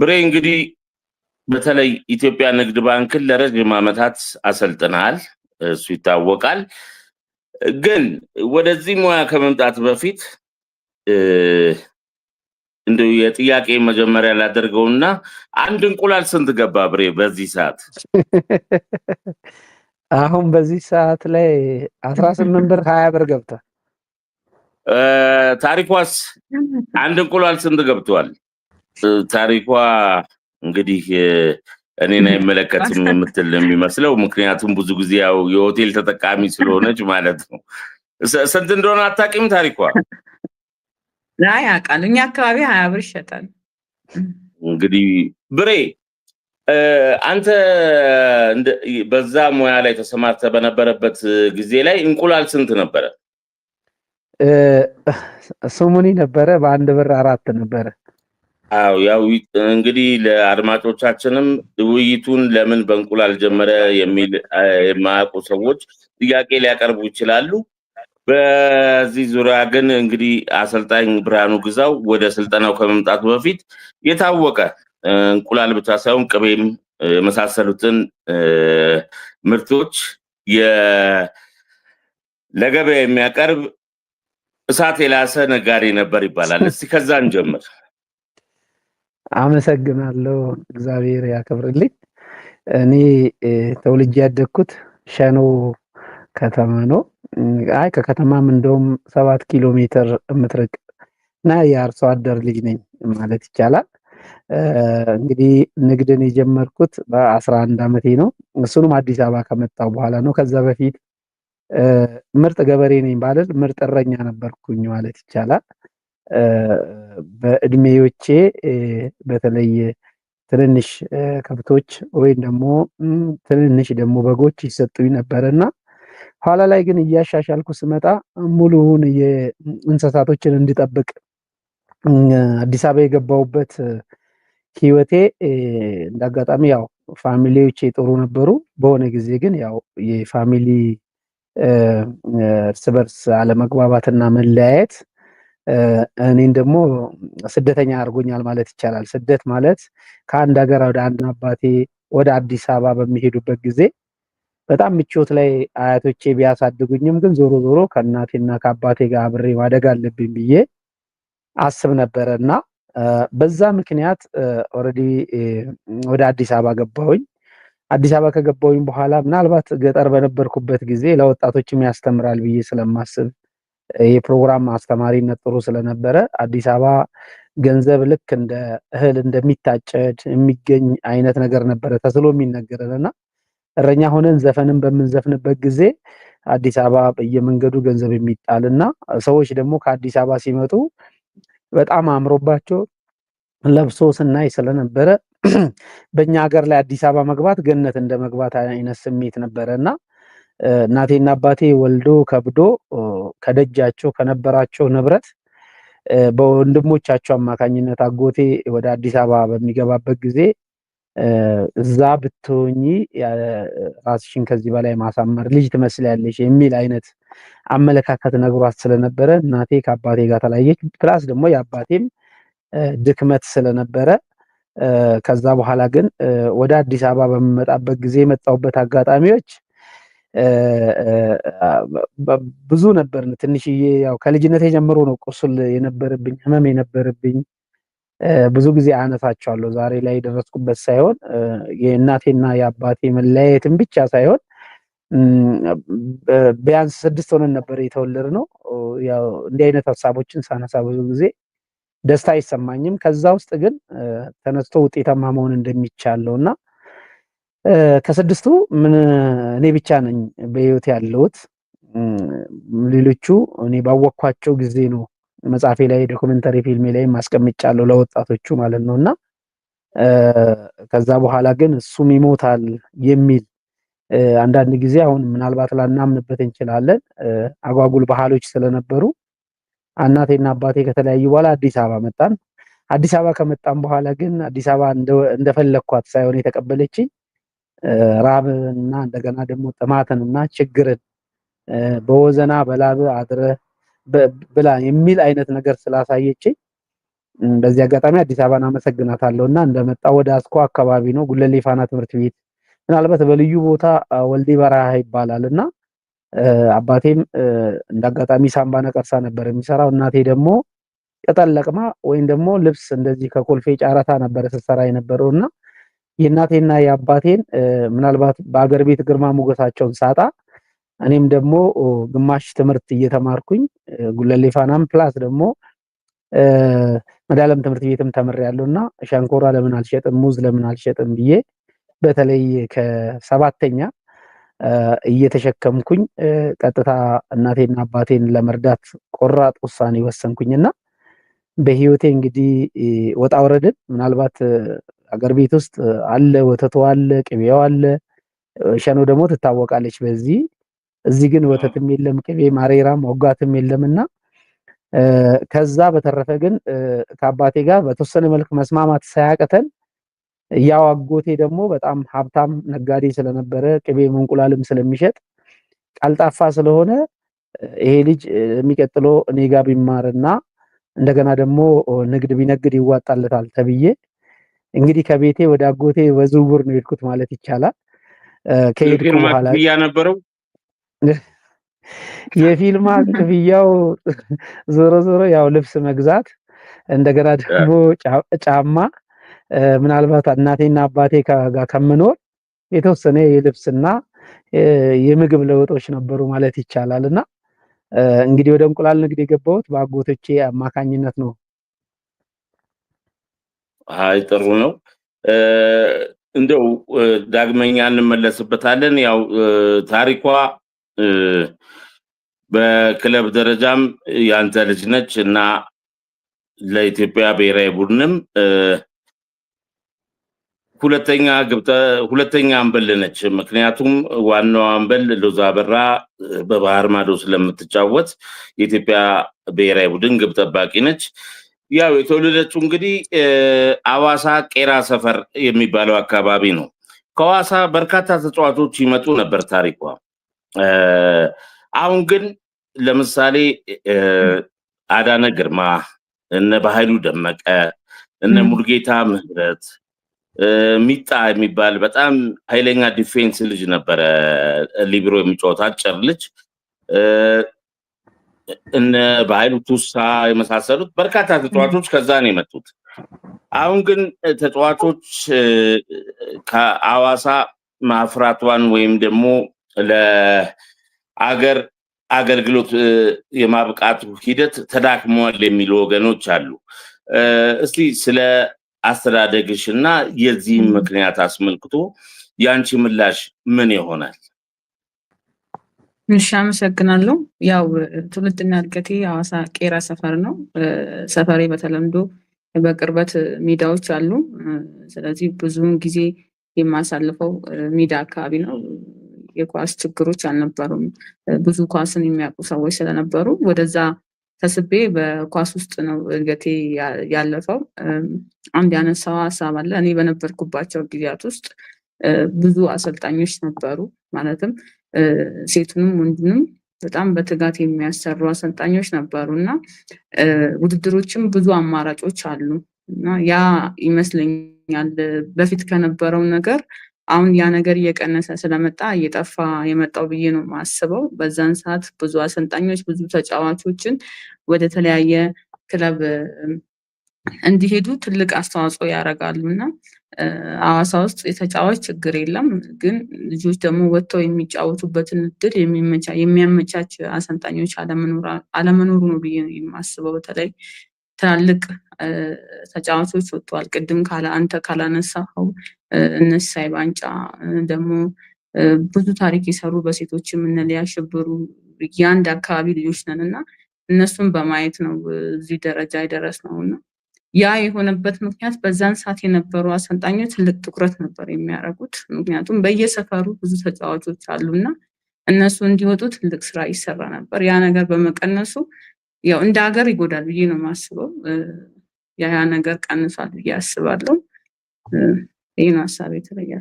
ብሬ እንግዲህ በተለይ ኢትዮጵያ ንግድ ባንክን ለረጅም ዓመታት አሰልጥናል፣ እሱ ይታወቃል። ግን ወደዚህ ሙያ ከመምጣት በፊት እንዲ የጥያቄ መጀመሪያ ላደርገውና አንድ እንቁላል ስንት ገባ ብሬ በዚህ ሰዓት? አሁን በዚህ ሰዓት ላይ አስራ ስምንት ብር ሀያ ብር ገብቷል። ታሪኳስ አንድ እንቁላል ስንት ገብቷል? ታሪኳ እንግዲህ እኔን አይመለከትም የምትል የሚመስለው ምክንያቱም ብዙ ጊዜ ያው የሆቴል ተጠቃሚ ስለሆነች ማለት ነው። ስንት እንደሆነ አታውቂም ታሪኳ? አይ አውቃለሁ። እኛ አካባቢ ሀያ ብር ይሸጣል። እንግዲህ ብሬ አንተ በዛ ሙያ ላይ ተሰማርተ በነበረበት ጊዜ ላይ እንቁላል ስንት ነበረ? ስሙኒ ነበረ በአንድ ብር አራት ነበረ። አዎ ያው እንግዲህ ለአድማጮቻችንም ውይይቱን ለምን በእንቁላል ጀመረ የሚል የማያውቁ ሰዎች ጥያቄ ሊያቀርቡ ይችላሉ። በዚህ ዙሪያ ግን እንግዲህ አሰልጣኝ ብርሃኑ ግዛው ወደ ስልጠናው ከመምጣቱ በፊት የታወቀ እንቁላል ብቻ ሳይሆን ቅቤም የመሳሰሉትን ምርቶች ለገበያ የሚያቀርብ እሳት የላሰ ነጋዴ ነበር ይባላል። እስቲ ከዛን ጀምር። አመሰግናለሁ። እግዚአብሔር ያክብርልኝ። እኔ ተወልጄ ያደግኩት ሸኖ ከተማ ነው። አይ ከከተማም እንደውም ሰባት ኪሎ ሜትር የምትርቅ እና የአርሶ አደር ልጅ ነኝ ማለት ይቻላል። እንግዲህ ንግድን የጀመርኩት በአስራ አንድ አመቴ ነው። እሱንም አዲስ አበባ ከመጣሁ በኋላ ነው። ከዛ በፊት ምርጥ ገበሬ ነኝ ባልል ምርጥ እረኛ ነበርኩኝ ማለት ይቻላል። በእድሜዎቼ በተለይ ትንንሽ ከብቶች ወይም ደግሞ ትንንሽ ደግሞ በጎች ይሰጡኝ ነበር እና ኋላ ላይ ግን እያሻሻልኩ ስመጣ ሙሉውን የእንስሳቶችን እንድጠብቅ አዲስ አበባ የገባሁበት ህይወቴ እንዳጋጣሚ ያው ፋሚሊዎቼ ጥሩ ነበሩ። በሆነ ጊዜ ግን ያው የፋሚሊ እርስ በርስ አለመግባባትና መለያየት እኔን ደግሞ ስደተኛ አድርጎኛል ማለት ይቻላል። ስደት ማለት ከአንድ ሀገር ወደ አንድ አባቴ ወደ አዲስ አበባ በሚሄዱበት ጊዜ በጣም ምቾት ላይ አያቶቼ ቢያሳድጉኝም ግን ዞሮ ዞሮ ከእናቴና ከአባቴ ጋር አብሬ ማደግ አለብኝ ብዬ አስብ ነበረ እና በዛ ምክንያት ኦልሬዲ ወደ አዲስ አበባ ገባሁኝ። አዲስ አበባ ከገባሁኝ በኋላ ምናልባት ገጠር በነበርኩበት ጊዜ ለወጣቶችም ያስተምራል ብዬ ስለማስብ የፕሮግራም አስተማሪነት ጥሩ ስለነበረ አዲስ አበባ ገንዘብ ልክ እንደ እህል እንደሚታጨድ የሚገኝ አይነት ነገር ነበረ ተስሎ የሚነገረን እና እረኛ ሆነን ዘፈንን በምንዘፍንበት ጊዜ አዲስ አበባ በየመንገዱ ገንዘብ የሚጣል እና ሰዎች ደግሞ ከአዲስ አበባ ሲመጡ በጣም አምሮባቸው ለብሶ ስናይ ስለነበረ በእኛ ሀገር ላይ አዲስ አበባ መግባት ገነት እንደ መግባት አይነት ስሜት ነበረ እና እናቴና አባቴ ወልዶ ከብዶ ከደጃቸው ከነበራቸው ንብረት በወንድሞቻቸው አማካኝነት አጎቴ ወደ አዲስ አበባ በሚገባበት ጊዜ እዛ ብትሆኚ ራስሽን ከዚህ በላይ ማሳመር ልጅ ትመስላለሽ የሚል አይነት አመለካከት ነግሯት ስለነበረ እናቴ ከአባቴ ጋር ተለያየች። ፕላስ ደግሞ የአባቴም ድክመት ስለነበረ ከዛ በኋላ ግን ወደ አዲስ አበባ በምመጣበት ጊዜ የመጣሁበት አጋጣሚዎች ብዙ ነበርን። ትንሽዬ ያው ከልጅነት የጀምሮ ነው ቁስል የነበረብኝ ህመም የነበረብኝ ብዙ ጊዜ አነሳቸዋለሁ። ዛሬ ላይ የደረስኩበት ሳይሆን የእናቴና የአባቴ መለያየትን ብቻ ሳይሆን ቢያንስ ስድስት ሆነን ነበር የተወለድ ነው። ያው እንዲህ አይነት ሀሳቦችን ሳነሳ ብዙ ጊዜ ደስታ አይሰማኝም። ከዛ ውስጥ ግን ተነስቶ ውጤታማ መሆን እንደሚቻለው እና ከስድስቱ ምን እኔ ብቻ ነኝ በህይወት ያለሁት። ሌሎቹ እኔ ባወቅኳቸው ጊዜ ነው መጽሐፌ ላይ ዶክመንተሪ ፊልሜ ላይ ማስቀምጫለሁ ለወጣቶቹ ማለት ነው። እና ከዛ በኋላ ግን እሱም ይሞታል የሚል አንዳንድ ጊዜ አሁን ምናልባት ላናምንበት እንችላለን። አጓጉል ባህሎች ስለነበሩ እናቴና አባቴ ከተለያዩ በኋላ አዲስ አበባ መጣን። አዲስ አበባ ከመጣን በኋላ ግን አዲስ አበባ እንደፈለግኳት ሳይሆን የተቀበለችኝ ራብንና እንደገና ደግሞ ጥማትንና ችግርን በወዘና በላብ አድረ ብላ የሚል አይነት ነገር ስላሳየችኝ በዚህ አጋጣሚ አዲስ አበባን አመሰግናታለሁ እና እንደመጣ ወደ አስኮ አካባቢ ነው ጉለሌ ፋና ትምህርት ቤት ምናልባት በልዩ ቦታ ወልዴ በረሃ ይባላል እና አባቴም እንዳጋጣሚ ሳምባ ነቀርሳ ነበር የሚሰራው። እናቴ ደግሞ ቅጠል ለቅማ ወይም ደግሞ ልብስ እንደዚህ ከኮልፌ ጨረታ ነበር ስትሰራ የነበረው እና የእናቴና የአባቴን ምናልባት በአገር ቤት ግርማ ሞገሳቸውን ሳጣ እኔም ደግሞ ግማሽ ትምህርት እየተማርኩኝ ጉለሌፋናም ፕላስ ደግሞ መዳለም ትምህርት ቤትም ተምሬያለሁ እና ሸንኮራ ለምን አልሸጥም፣ ሙዝ ለምን አልሸጥም ብዬ በተለይ ከሰባተኛ እየተሸከምኩኝ ቀጥታ እናቴና አባቴን ለመርዳት ቆራጥ ውሳኔ ወሰንኩኝና በህይወቴ እንግዲህ ወጣ ወረድን ምናልባት አገር ቤት ውስጥ አለ፣ ወተቷ አለ፣ ቅቤው አለ። ሸኖ ደግሞ ትታወቃለች በዚህ። እዚህ ግን ወተትም የለም ቅቤ ማሬራም ወጋትም የለምና ከዛ በተረፈ ግን ከአባቴ ጋር በተወሰነ መልክ መስማማት ሳያቅተን ያው አጎቴ ደግሞ በጣም ሀብታም ነጋዴ ስለነበረ ቅቤም እንቁላልም ስለሚሸጥ ቀልጣፋ ስለሆነ ይሄ ልጅ የሚቀጥለው እኔ ጋር ቢማርና እንደገና ደግሞ ንግድ ቢነግድ ይዋጣለታል ተብዬ እንግዲህ ከቤቴ ወደ አጎቴ በዝውውር ነው የሄድኩት ማለት ይቻላል። ከሄድኩ በኋላ ክፍያ ነበረው። የፊልማ ክፍያው ዞሮ ዞሮ ያው ልብስ መግዛት እንደገና ደግሞ ጫማ ምናልባት እናቴና አባቴ ጋር ከምኖር የተወሰነ የልብስና የምግብ ለውጦች ነበሩ ማለት ይቻላል። እና እንግዲህ ወደ እንቁላል ንግድ የገባሁት በአጎቶቼ አማካኝነት ነው አይ ጥሩ ነው። እንደው ዳግመኛ እንመለስበታለን። ያው ታሪኳ በክለብ ደረጃም ያንተ ልጅ ነች እና ለኢትዮጵያ ብሔራዊ ቡድንም ሁለተኛ ግብተ ሁለተኛ አንበል ነች። ምክንያቱም ዋናው አንበል ሎዛ አበራ በባህር ማዶ ስለምትጫወት የኢትዮጵያ ብሔራዊ ቡድን ግብ ጠባቂ ነች። ያው የተወለደችው እንግዲህ አዋሳ ቄራ ሰፈር የሚባለው አካባቢ ነው። ከዋሳ በርካታ ተጫዋቾች ይመጡ ነበር ታሪኳ። አሁን ግን ለምሳሌ አዳነ ግርማ፣ እነ ባህሉ ደመቀ፣ እነ ሙልጌታ ምህረት፣ ሚጣ የሚባል በጣም ኃይለኛ ዲፌንስ ልጅ ነበረ፣ ሊብሮ የሚጫወት አጭር ልጅ እነ በኃይሉ ቱሳ የመሳሰሉት በርካታ ተጫዋቾች ከዛ ነው የመጡት። አሁን ግን ተጫዋቾች ከአዋሳ ማፍራቷን ወይም ደግሞ ለአገር አገልግሎት የማብቃቱ ሂደት ተዳክመዋል የሚሉ ወገኖች አሉ። እስቲ ስለ አስተዳደግሽ እና የዚህም ምክንያት አስመልክቶ የአንቺ ምላሽ ምን ይሆናል? እሺ አመሰግናለሁ። ያው ትውልድና እድገቴ ሐዋሳ ቄራ ሰፈር ነው። ሰፈሬ በተለምዶ በቅርበት ሜዳዎች አሉ። ስለዚህ ብዙውን ጊዜ የማሳልፈው ሜዳ አካባቢ ነው። የኳስ ችግሮች አልነበሩም። ብዙ ኳስን የሚያውቁ ሰዎች ስለነበሩ ወደዛ ተስቤ በኳስ ውስጥ ነው እድገቴ ያለፈው። አንድ ያነሳው ሀሳብ አለ። እኔ በነበርኩባቸው ጊዜያት ውስጥ ብዙ አሰልጣኞች ነበሩ። ማለትም ሴቱንም ወንድንም በጣም በትጋት የሚያሰሩ አሰልጣኞች ነበሩ እና ውድድሮችም ብዙ አማራጮች አሉ እና ያ ይመስለኛል በፊት ከነበረው ነገር አሁን ያ ነገር እየቀነሰ ስለመጣ እየጠፋ የመጣው ብዬ ነው የማስበው። በዛን ሰዓት ብዙ አሰልጣኞች ብዙ ተጫዋቾችን ወደ ተለያየ ክለብ እንዲሄዱ ትልቅ አስተዋጽኦ ያደርጋሉ እና ሐዋሳ ውስጥ የተጫዋች ችግር የለም። ግን ልጆች ደግሞ ወጥተው የሚጫወቱበትን እድል የሚያመቻች አሰልጣኞች አለመኖሩ ነው ብዬ ነው የማስበው። በተለይ ትላልቅ ተጫዋቾች ወጥተዋል። ቅድም አንተ ካላነሳኸው እነሳይ ባንጫ ደግሞ ብዙ ታሪክ የሰሩ በሴቶች የምንል ያሸብሩ የአንድ አካባቢ ልጆች ነን እና እነሱን በማየት ነው እዚህ ደረጃ የደረስነው እና ያ የሆነበት ምክንያት በዛን ሰዓት የነበሩ አሰልጣኞች ትልቅ ትኩረት ነበር የሚያደርጉት። ምክንያቱም በየሰፈሩ ብዙ ተጫዋቾች አሉና እነሱ እንዲወጡ ትልቅ ስራ ይሰራ ነበር። ያ ነገር በመቀነሱ ያው እንደ ሀገር ይጎዳል ብዬ ነው የማስበው። ያ ነገር ቀንሷል ብዬ አስባለሁ። ይህ ነው ሀሳብ የተለየ